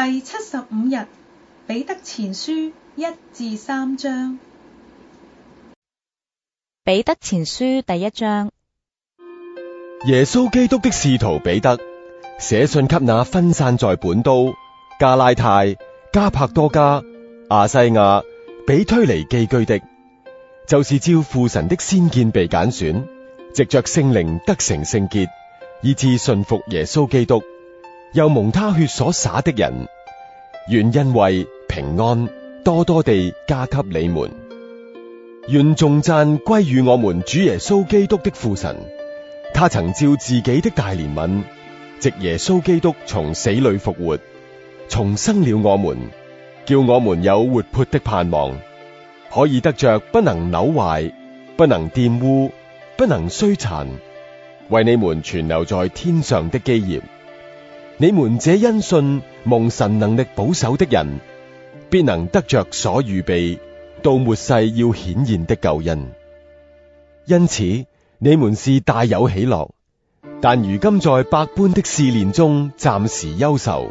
第七十五日，彼得前書一至三章。彼得前書第一章。耶穌基督的使徒彼得寫信給那分散在本都、加拉太、加帕多家、亞西亞、比推尼寄居的，就是照父神的先見被揀選、藉着聖靈得成聖潔，以致信服耶穌基督。又蒙他血所灑的人，願恩惠平安多多地加給你們，願頌讚歸與我們主耶穌基督的父神。他曾照自己的大憐憫，藉耶穌基督從死裏復活，重生了我們，叫我們有活潑的盼望，可以得着不能扭壞、不能玷污、不能衰殘，為你們存留在天上的基業。你們這因信蒙神能力保守的人，必能得着所預備到末世要顯現的救恩。因此你們是大有喜樂，但如今在百般的試煉中暫時憂愁，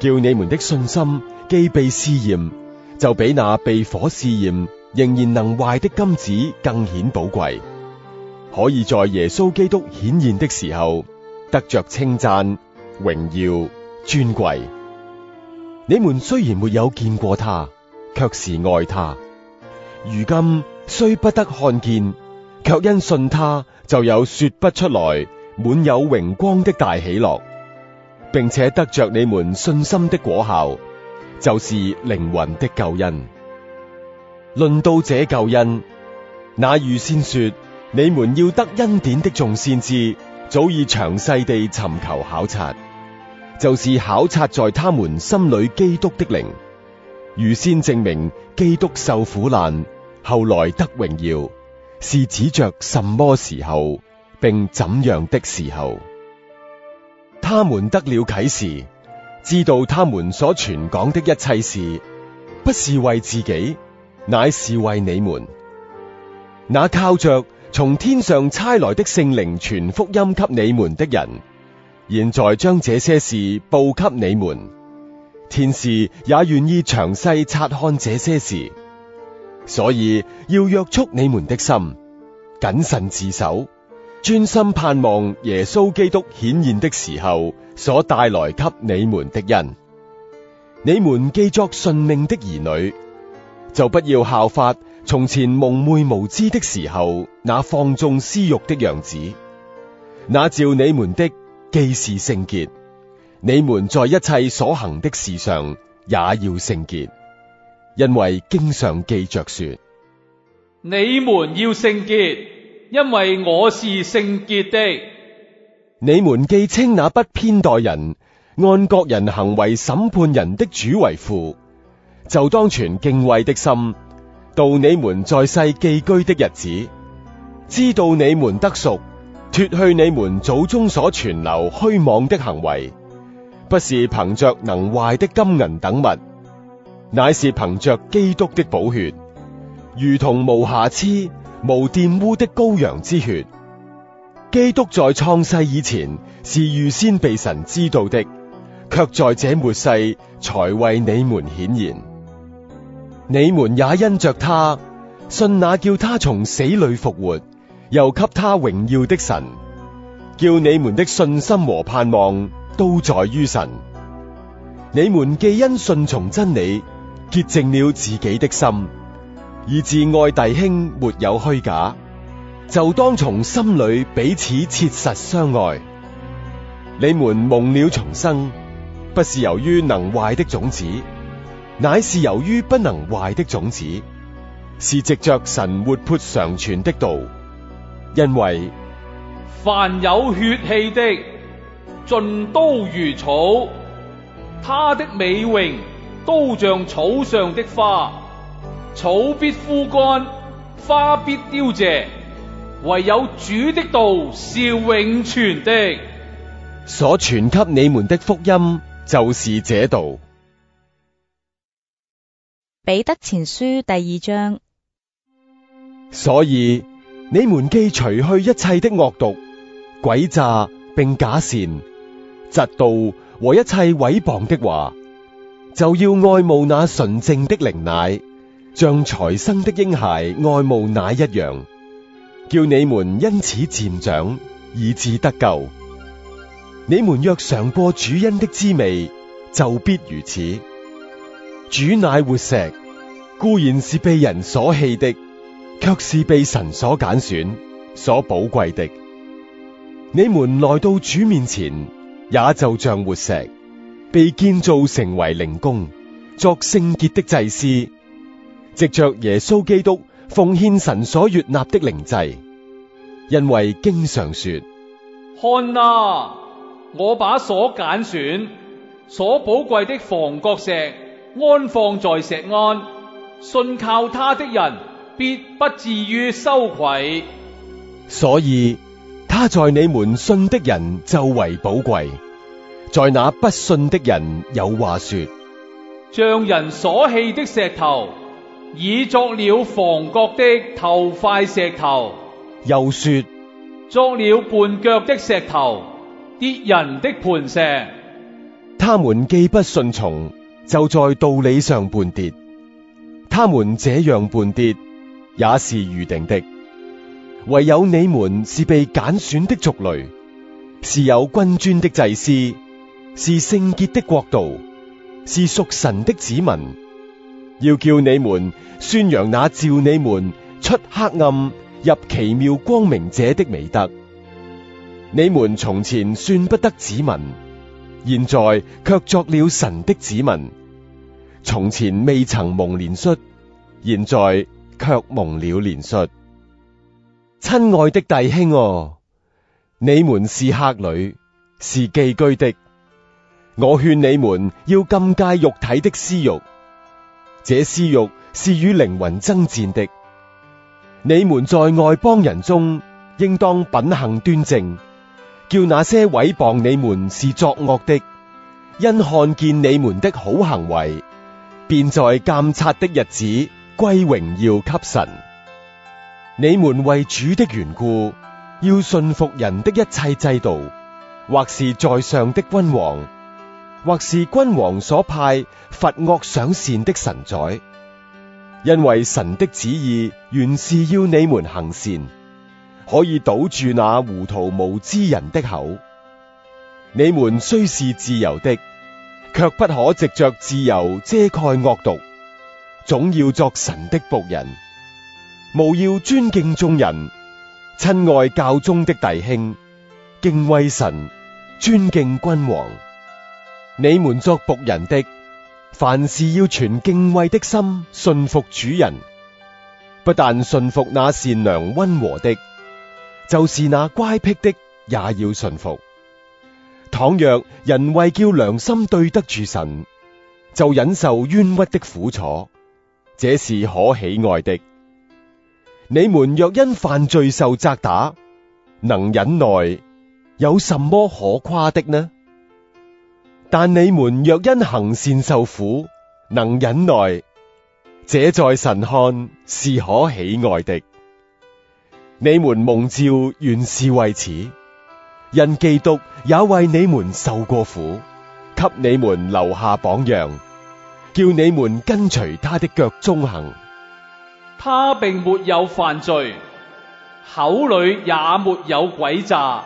叫你們的信心既被試驗，就比那被火試驗仍然能壞的金子更顯寶貴，可以在耶穌基督顯現的時候得着稱讚。榮耀、尊貴，你們雖然沒有見過他，却是愛他。如今雖不得看見，却因信他，就有說不出來、滿有榮光的大喜樂，並且得着你們信心的果效，就是靈魂的救恩。論到這救恩，那預先說你們要得恩典的眾先知，早已詳細地尋求考察。就是考察在他們心裏基督的靈，預先證明基督受苦難，後來得榮耀，是指着什麽時候，並怎樣的時候？他們得了啟示，知道他們所傳講的一切事，不是為自己，乃是為你們。那靠着從天上差來的聖靈傳福音給你們的人。現在將這些事報給你們，天使也願意詳細察看這些事，所以要約束你們的心，謹慎自守，專心盼望耶穌基督顯現的時候所帶來給你們的恩。你們既作順命的兒女，就不要效法從前蒙昧無知的時候那放縱私慾的樣子，那照你們的。既是聖潔，你們在一切所行的事上也要聖潔，因為經常記着說：你們要聖潔，因為我是聖潔的。你們既稱那不偏待人、按各人行為審判人的主為父，就當存敬畏的心，度你們在世寄居的日子，知道你們得贖。脫去你們祖宗所存留虛妄的行為，不是憑着能壞的金銀等物，乃是憑着基督的寶血，如同無瑕疵、無玷污的羔羊之血。基督在創世以前是預先被神知道的，卻在這末世才為你們顯現。你們也因着他信那叫他從死裏復活。又給他榮耀的神，叫你們的信心和盼望都在於神。你們既因順從真理，潔淨了自己的心，以致愛弟兄沒有虛假，就當從心裏彼此切實相愛。你們蒙了重生，不是由於能壞的種子，乃是由於不能壞的種子，是藉着神活潑常存的道。因為凡有血氣的，盡都如草，他的美榮都像草上的花，草必枯乾，花必凋謝，唯有主的道是永存的。所傳給你們的福音就是這道。彼得前書第二章。所以。你們既除去一切的惡毒、詭詐，並假善、嫉妒和一切毀謗的話，就要愛慕那純正的靈奶，像才生的嬰孩愛慕奶一樣，叫你們因此漸長，以致得救。你們若嘗過主恩的滋味，就必如此。主乃活石，固然是被人所棄的。卻是被神所揀選、所寶貴的。你們來到主面前，也就像活石，被建造成為靈宮，作聖潔的祭司，藉着耶穌基督奉獻神所悅納的靈祭。因為經上說：看啊，我把所揀選、所寶貴的房角石安放在石安，信靠他的人。必不至於羞愧，所以他在你們信的人就為寶貴，在那不信的人有話說：像人所棄的石頭，已作了房角的頭塊石頭；又說，作了絆腳的石頭，跌人的磐石。他們既不順從，就在道理上絆跌。他們這樣絆跌。也是預定的，唯有你們是被揀選的族類，是有君尊的祭司，是聖潔的國度，是屬神的子民。要叫你們宣揚那召你們出黑暗入奇妙光明者的美德。你們從前算不得子民，現在却作了神的子民。從前未曾蒙憐恤，現在。卻蒙了憐恤，親愛的弟兄、啊，哦，你們是客旅，是寄居的。我勸你們要禁戒肉體的私欲，這私欲是與靈魂爭戰的。你們在外邦人中，應當品行端正，叫那些毀謗你們是作惡的，因看見你們的好行為，便在鑒察的日子。歸榮耀給神。你們為主的緣故，要順服人的一切制度，或是在上的君王，或是君王所派罰惡賞善的臣宰。因為神的旨意原是要你們行善，可以堵住那糊塗無知人的口。你們雖是自由的，卻不可藉著自由遮蓋惡毒。總要作神的僕人，務要尊敬眾人，親愛教中的弟兄，敬畏神，尊敬君王。你們作僕人的，凡事要存敬畏的心，順服主人。不但順服那善良溫和的，就是那乖僻的，也要順服。倘若人為叫良心對得住神，就忍受冤屈的苦楚。這是可喜愛的。你們若因犯罪受責打，能忍耐，有什麼可誇的呢？但你們若因行善受苦，能忍耐，這在神看是可喜愛的。你們蒙召原是為此，因基督也為你們受過苦，給你們留下榜樣。叫你們跟隨他的腳蹤行。他並沒有犯罪，口裏也沒有詭詐。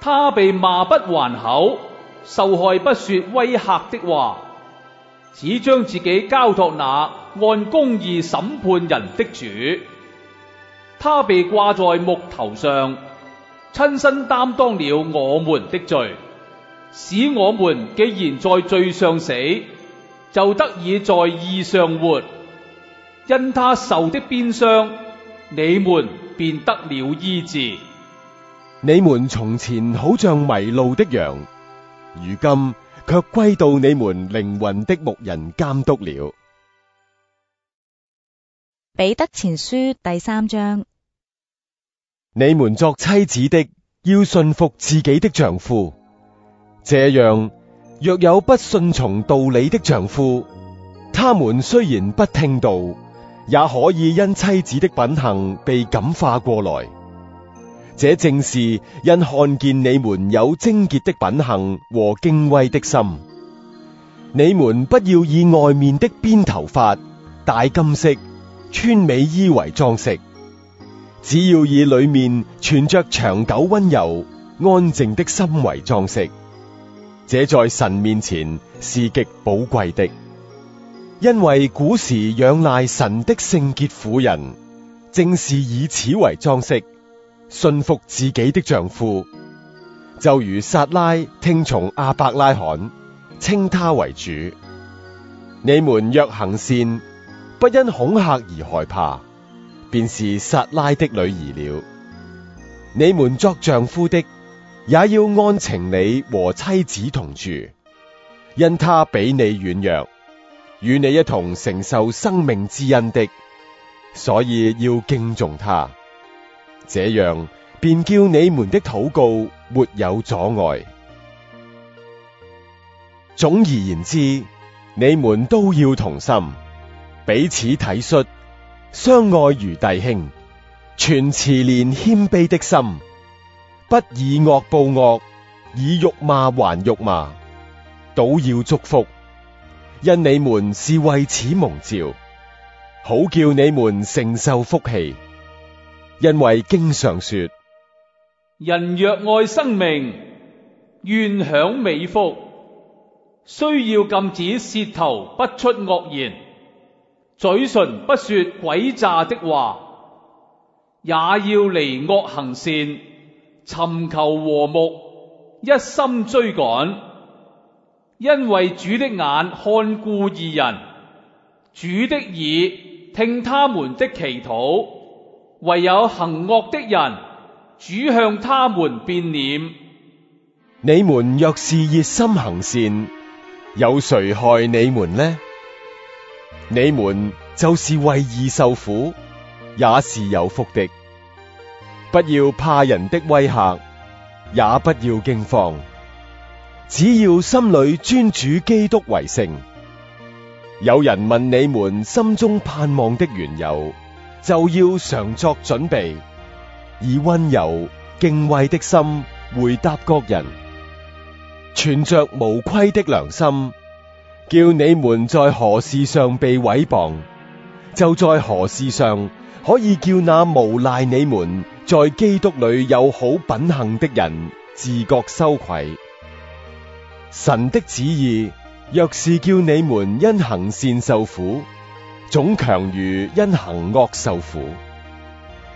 他被罵不還口，受害不說威嚇的話，只將自己交託那按公義審判人的主。他被掛在木頭上，親身擔當了我們的罪，使我們既然在罪上死。就得以在義上活，因他受的鞭傷，你們便得了醫治。你們從前好像迷路的羊，如今卻歸到你們靈魂的牧人監督了。彼得前書第三章：你們作妻子的，要順服自己的丈夫，這樣。若有不信從道理的丈夫，他們雖然不聽道，也可以因妻子的品行被感化過來。這正是因看見你們有貞潔的品行和敬畏的心。你們不要以外面的編頭髮、戴金飾、穿美衣為裝飾，只要以裏面存着長久溫柔安靜的心為裝飾。這在神面前是極寶貴的，因為古時仰賴神的聖潔婦人，正是以此為裝飾，順服自己的丈夫，就如撒拉聽從亞伯拉罕，稱他為主。你們若行善，不因恐嚇而害怕，便是撒拉的女兒了。你們作丈夫的，也要按情理和妻子同住，因他比你軟弱，與你一同承受生命之恩的，所以要敬重他。這樣便叫你們的禱告沒有阻礙。總而言之，你們都要同心，彼此體恤，相愛如弟兄，存慈憐謙卑，卑的心。不以惡報惡，以辱罵還辱罵，倒要祝福，因你們是為此蒙召，好叫你們承受福氣。因為經常說，人若愛生命，願享美福，需要禁止舌頭不出惡言，嘴唇不說詭詐的話，也要離惡行善。尋求和睦，一心追趕，因為主的眼看顧義人，主的耳聽他們的祈禱。唯有行惡的人，主向他們變臉。你們若是熱心行善，有誰害你們呢？你們就是為義受苦，也是有福的。不要怕人的威嚇，也不要驚慌，只要心裏尊主基督為聖。有人問你們心中盼望的緣由，就要常作準備，以溫柔敬畏的心回答各人，存着無虧的良心，叫你們在何事上被毀謗，就在何事上可以叫那誣賴你們。在基督裏有好品行的人自覺羞愧。神的旨意若是叫你們因行善受苦，總強如因行惡受苦。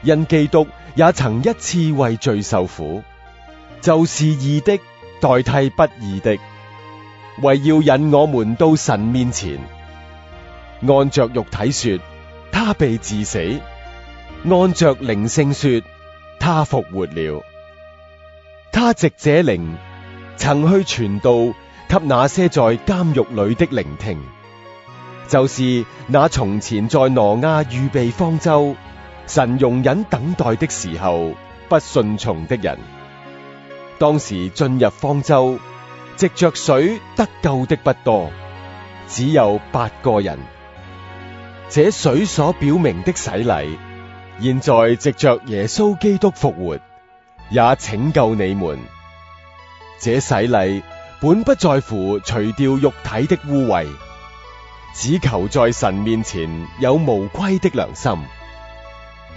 因基督也曾一次為罪受苦，就是義的代替不義的，為要引我們到神面前。按着肉體說，他被治死；按着靈性說，他復活了。他藉者靈曾去傳道給那些在監獄裏的靈聽，就是那從前在挪亞預備方舟、神容忍等待的時候不順從的人。當時進入方舟，藉着水得救的不多，只有八個人。這水所表明的洗禮。現在藉着耶穌基督復活，也拯救你們。這洗禮本不在乎除掉肉體的污穢，只求在神面前有無愧的良心。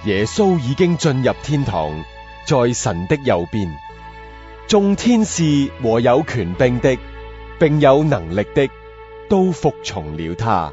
耶穌已經進入天堂，在神的右邊。眾天使和有權柄的，並有能力的，都服從了他。